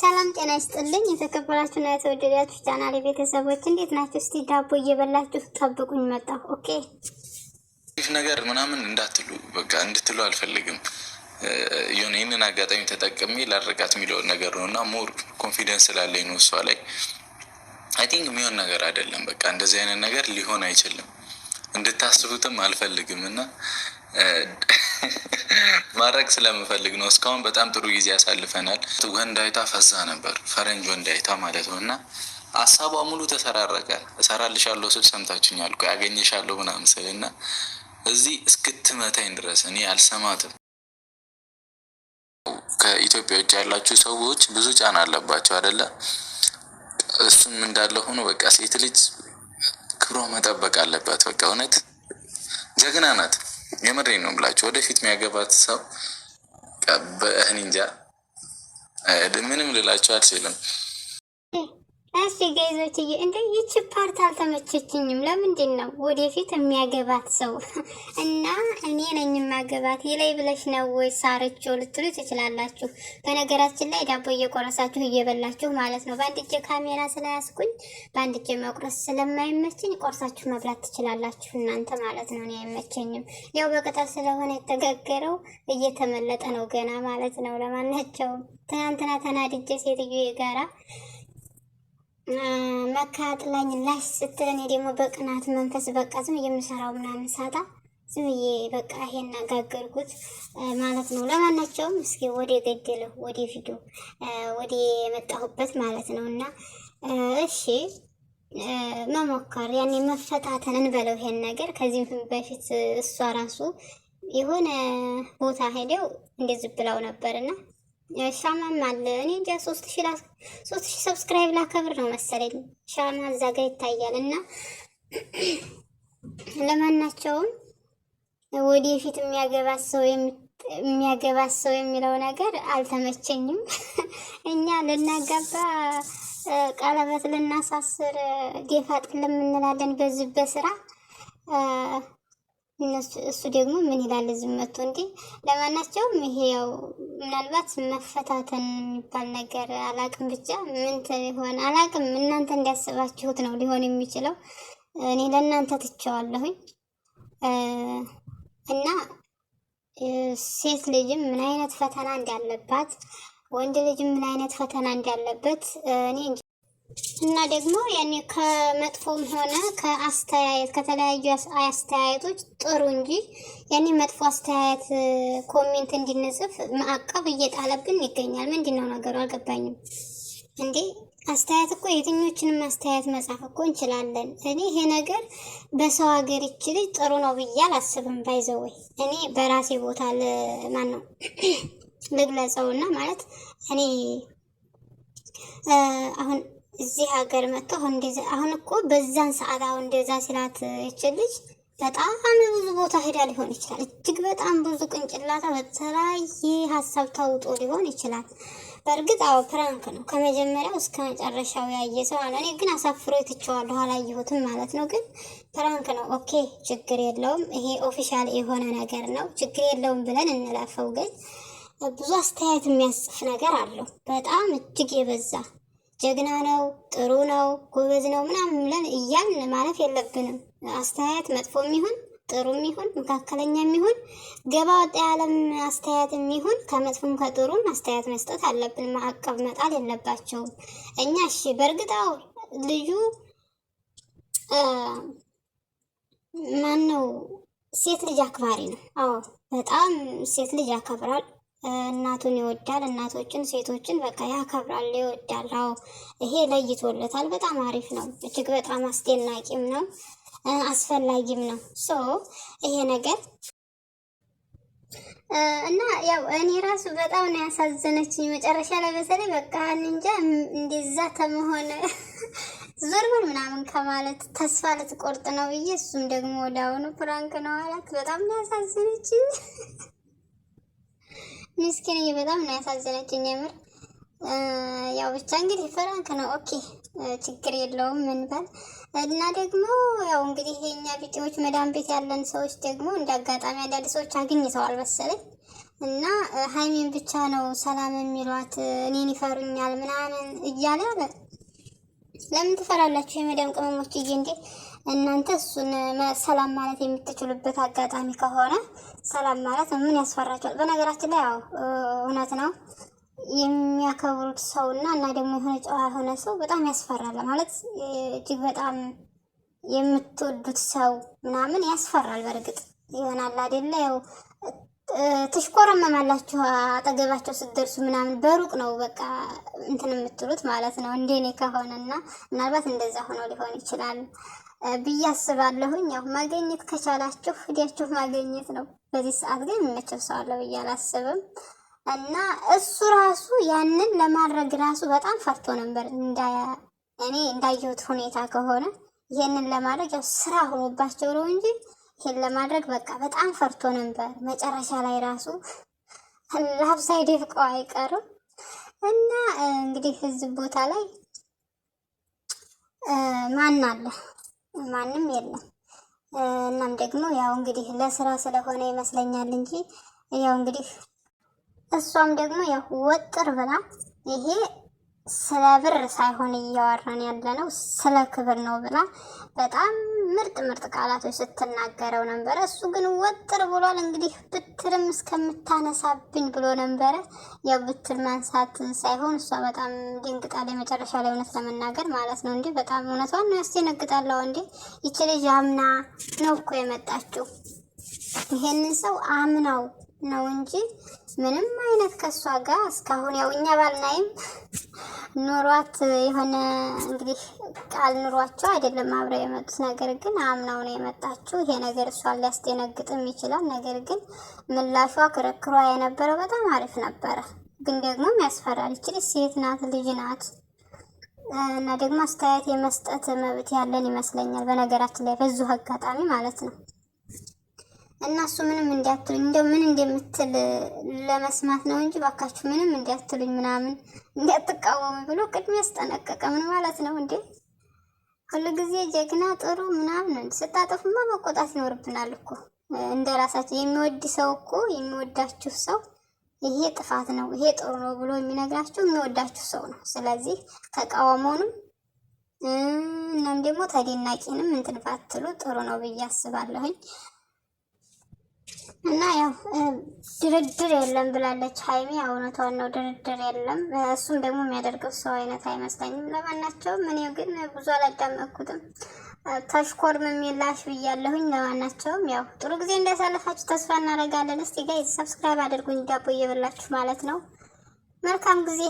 ሰላም ጤና ይስጥልኝ። የተከበራችሁና የተወደዳችሁ ቻናል ቤተሰቦች እንዴት ናችሁ? እስቲ ዳቦ እየበላችሁ ጠብቁኝ፣ መጣሁ። ኦኬ ነገር ምናምን እንዳትሉ በቃ እንድትሉ አልፈልግም። የሆነ ይህንን አጋጣሚ ተጠቅሜ ላደርጋት የሚለውን ነገር ነው እና ሞር ኮንፊደንስ ስላለኝ ነው እሷ ላይ አይ ቲንክ የሚሆን ነገር አይደለም። በቃ እንደዚህ አይነት ነገር ሊሆን አይችልም። እንድታስቡትም አልፈልግም እና ማድረግ ስለምፈልግ ነው። እስካሁን በጣም ጥሩ ጊዜ ያሳልፈናል። ወንዳይታ ፈዛ ነበር፣ ፈረንጅ ወንዳይታ ማለት ነው እና ሀሳቧ ሙሉ ተሰራረቀ። እሰራልሻለሁ ስል ሰምታችኛል እኮ ያገኘሻለሁ ምናምን ስል እና እዚህ እስክትመታኝ ድረስ እኔ አልሰማትም። ከኢትዮጵያ ውጭ ያላችሁ ሰዎች ብዙ ጫና አለባቸው አደለ? እሱም እንዳለ ሆኖ በቃ ሴት ልጅ ክብሯ መጠበቅ አለባት። በቃ እውነት ጀግና ናት። የምሬን ነው ብላችሁ ወደፊት የሚያገባት ሰው በእህን እንጃ ምንም ልላችሁ አልችልም። እሺ ጋይዞችዬ እንደ ይቺ ፓርት አልተመቸችኝም። ለምንድን ነው ወደፊት የሚያገባት ሰው እና እኔ ነኝ የማገባት የላይ ብለሽ ነው ወይ ሳርቾ ልትሉ ትችላላችሁ። በነገራችን ላይ ዳቦ እየቆረሳችሁ እየበላችሁ ማለት ነው። በአንድ እጄ ካሜራ ስለያዝኩኝ በአንድ እጄ መቁረስ ስለማይመችኝ ቆርሳችሁ መብላት ትችላላችሁ እናንተ ማለት ነው። እኔ አይመቸኝም። ያው በቅጠል ስለሆነ የተጋገረው እየተመለጠ ነው ገና ማለት ነው። ለማናቸውም ትናንትና ተናድጄ ሴትዮ የጋራ መካጥላኝ ላሽ ስትል እኔ ደግሞ በቅናት መንፈስ በቃ ዝም የምሰራው ምናምን ሳጣ ዝም ብዬ በቃ ይሄን አጋገርኩት ማለት ነው። ለማናቸውም እስኪ ወደ ገደለው ወደ ፊዱ ወደ የመጣሁበት ማለት ነው እና እሺ መሞከር ያኔ መፈታተን እንበለው ይሄን ነገር ከዚህም በፊት እሷ ራሱ የሆነ ቦታ ሄደው እንደዚህ ብላው ነበርና ሻማማል እኔ እንጃ ሶስት ሺ ሰብስክራይብ ላከብር ነው መሰለኝ። ሻማ እዛ ጋ ይታያል እና ለማናቸውም ወደፊት የሚያገባት ሰው የሚያገባት ሰው የሚለው ነገር አልተመቸኝም። እኛ ልናጋባ ቀለበት ልናሳስር ጌፋጥ ለምንላለን በዚህ በስራ እሱ ደግሞ ምን ይላል ዝም እንዴ! ለማናቸውም ይሄ ያው ምናልባት መፈታተን የሚባል ነገር አላቅም፣ ብቻ ምን ሆን አላቅም። እናንተ እንዲያስባችሁት ነው ሊሆን የሚችለው። እኔ ለእናንተ ትቸዋለሁኝ። እና ሴት ልጅም ምን አይነት ፈተና እንዳለባት፣ ወንድ ልጅም ምን አይነት ፈተና እንዳለበት እኔ እና ደግሞ ያኔ ከመጥፎም ሆነ ከአስተያየት ከተለያዩ አስተያየቶች ጥሩ እንጂ ያኔ መጥፎ አስተያየት ኮሜንት እንድንጽፍ ማዕቀብ እየጣለብን ይገኛል። ምንድን ነው ነገሩ? አልገባኝም እንዴ። አስተያየት እኮ የትኞችንም አስተያየት መጻፍ እኮ እንችላለን። እኔ ይሄ ነገር በሰው ሀገር ይቺ ልጅ ጥሩ ነው ብዬ አላስብም። ባይዘወይ እኔ በራሴ ቦታ ማን ነው ልግለጸውና ማለት እኔ አሁን እዚህ ሀገር መጥተው አሁን እኮ በዛን ሰዓት አሁን እንደዛ ሲላት ይችልች በጣም ብዙ ቦታ ሄዳ ሊሆን ይችላል። እጅግ በጣም ብዙ ቅንጭላታ በተለያየ ሀሳብ ታውጦ ሊሆን ይችላል። በእርግጥ አዎ ፕራንክ ነው ከመጀመሪያው እስከ መጨረሻው ያየ ሰው አለ። እኔ ግን አሳፍሮ ትቸዋለሁ አላየሁትም ማለት ነው። ግን ፕራንክ ነው ኦኬ፣ ችግር የለውም ይሄ ኦፊሻል የሆነ ነገር ነው፣ ችግር የለውም ብለን እንለፈው። ግን ብዙ አስተያየት የሚያስጽፍ ነገር አለው በጣም እጅግ የበዛ ጀግና ነው፣ ጥሩ ነው፣ ጎበዝ ነው ምናምን ብለን እያል ማለፍ የለብንም። አስተያየት መጥፎ የሚሆን ጥሩ የሚሆን መካከለኛ የሚሆን ገባ ወጣ ያለም አስተያየት የሚሆን ከመጥፎም ከጥሩም አስተያየት መስጠት አለብን። ማዕቀብ መጣል የለባቸውም። እኛ እሺ፣ በእርግጣው ልዩ ማን ነው? ሴት ልጅ አክባሪ ነው። አዎ፣ በጣም ሴት ልጅ ያከብራል። እናቱን ይወዳል። እናቶችን፣ ሴቶችን በቃ ያከብራል፣ ይወዳል። አዎ ይሄ ለይቶለታል። በጣም አሪፍ ነው። እጅግ በጣም አስደናቂም ነው፣ አስፈላጊም ነው። ሶ ይሄ ነገር እና ያው እኔ ራሱ በጣም ነው ያሳዘነችኝ። መጨረሻ ላይ በተለይ በቃ እንጃ እንደዛ ተመሆነ ዞርበል ምናምን ከማለት ተስፋ ልትቆርጥ ነው ብዬ እሱም ደግሞ ወደ አሁኑ ፕራንክ ነው አላት። በጣም ነው ያሳዘነችኝ። ምስኪንዬ በጣም ነው ያሳዘነችኝ። የምር ያው ብቻ እንግዲህ ፍራንክ ነው። ኦኬ ችግር የለውም እንበል እና ደግሞ ያው እንግዲህ የእኛ ቢጤዎች መዳን ቤት ያለን ሰዎች ደግሞ እንደ አጋጣሚ አንዳንድ ሰዎች አግኝተዋል መሰለኝ እና ሀይሜን ብቻ ነው ሰላም የሚሏት እኔን ይፈሩኛል ምናምን እያለ ለምን ትፈራላችሁ የመዳም ቅመሞች እዬ እንዴ እናንተ እሱን ሰላም ማለት የምትችሉበት አጋጣሚ ከሆነ ሰላም ማለት ምን ያስፈራቸዋል? በነገራችን ላይ ያው እውነት ነው የሚያከብሩት ሰው እና እና ደግሞ የሆነ ጨዋ የሆነ ሰው በጣም ያስፈራል። ማለት እጅግ በጣም የምትወዱት ሰው ምናምን ያስፈራል። በእርግጥ ይሆናል አይደለ? ያው ትሽኮረመማላችሁ አጠገባቸው ስትደርሱ ምናምን በሩቅ ነው በቃ እንትን የምትሉት ማለት ነው። እንደኔ እና ምናልባት እንደዛ ሆኖ ሊሆን ይችላል። ብዬ አስባለሁኝ። ያው ማግኘት ከቻላችሁ ሂዳችሁ ማግኘት ነው። በዚህ ሰዓት ግን መቼም ሰው አለ ብዬ አላስብም። እና እሱ ራሱ ያንን ለማድረግ ራሱ በጣም ፈርቶ ነበር። እኔ እንዳየሁት ሁኔታ ከሆነ ይህንን ለማድረግ ያው ስራ ሆኖባቸው ነው እንጂ ይህን ለማድረግ በቃ በጣም ፈርቶ ነበር። መጨረሻ ላይ ራሱ ላብሳይ ደፍቆ አይቀርም እና እንግዲህ ህዝብ ቦታ ላይ ማን አለ ማንም የለም። እናም ደግሞ ያው እንግዲህ ለስራ ስለሆነ ይመስለኛል እንጂ ያው እንግዲህ እሷም ደግሞ ያው ወጥር ብላ ይሄ ስለ ብር ሳይሆን እያወራን ያለ ነው ስለ ክብር ነው ብላ በጣም ምርጥ ምርጥ ቃላቶች ስትናገረው ነበረ። እሱ ግን ወጥር ብሏል። እንግዲህ ብትርም እስከምታነሳብኝ ብሎ ነበረ። ያው ብትር ማንሳትን ሳይሆን እሷ በጣም ደንግጣል። የመጨረሻ ላይ እውነት ለመናገር ማለት ነው እንዴ በጣም እውነቷን ነው ያስደነግጣለሁ። እንዴ ይቺ ልጅ አምና ነው እኮ የመጣችው ይሄንን ሰው አምናው ነው እንጂ ምንም አይነት ከእሷ ጋር እስካሁን ያው እኛ ባልናይም ኑሯት የሆነ እንግዲህ ቃል ኑሯቸው አይደለም አብረው የመጡት። ነገር ግን አምናው ነው የመጣችው። ይሄ ነገር እሷን ሊያስደነግጥም ይችላል። ነገር ግን ምላሿ ክርክሯ የነበረው በጣም አሪፍ ነበረ። ግን ደግሞ ያስፈራል። ይችል ሴት ናት፣ ልጅ ናት እና ደግሞ አስተያየት የመስጠት መብት ያለን ይመስለኛል። በነገራችን ላይ በዙ አጋጣሚ ማለት ነው እና እሱ ምንም እንዲያትሉኝ እንደው ምን እንደምትል ለመስማት ነው እንጂ ባካችሁ ምንም እንዲያትሉኝ ምናምን እንዲያትቃወሙ ብሎ ቅድሚያ ያስጠነቀቀ። ምን ማለት ነው እንዴ? ሁሉ ጊዜ ጀግና ጥሩ ምናምን ስታጠፉማ መቆጣት ይኖርብናል እኮ እንደ ራሳቸው የሚወድ ሰው እኮ የሚወዳችሁ ሰው ይሄ ጥፋት ነው ይሄ ጥሩ ነው ብሎ የሚነግራችሁ የሚወዳችሁ ሰው ነው። ስለዚህ ተቃውሞንም እናም ደግሞ ተደናቂንም እንትን ባትሉ ጥሩ ነው ብዬ አስባለሁኝ። እና ያው ድርድር የለም ብላለች ሀይሚ። እውነቷን ነው፣ ድርድር የለም። እሱም ደግሞ የሚያደርገው ሰው አይነት አይመስለኝም። ለማናቸውም እኔ ግን ብዙ አላዳመኩትም ተሽኮርም የሚላሽ ብያለሁኝ። ለማናቸውም ያው ጥሩ ጊዜ እንዳሳለፋችሁ ተስፋ እናደርጋለን። እስቲ ጋይ ሰብስክራይብ አድርጉኝ፣ ዳቦ እየበላችሁ ማለት ነው። መልካም ጊዜ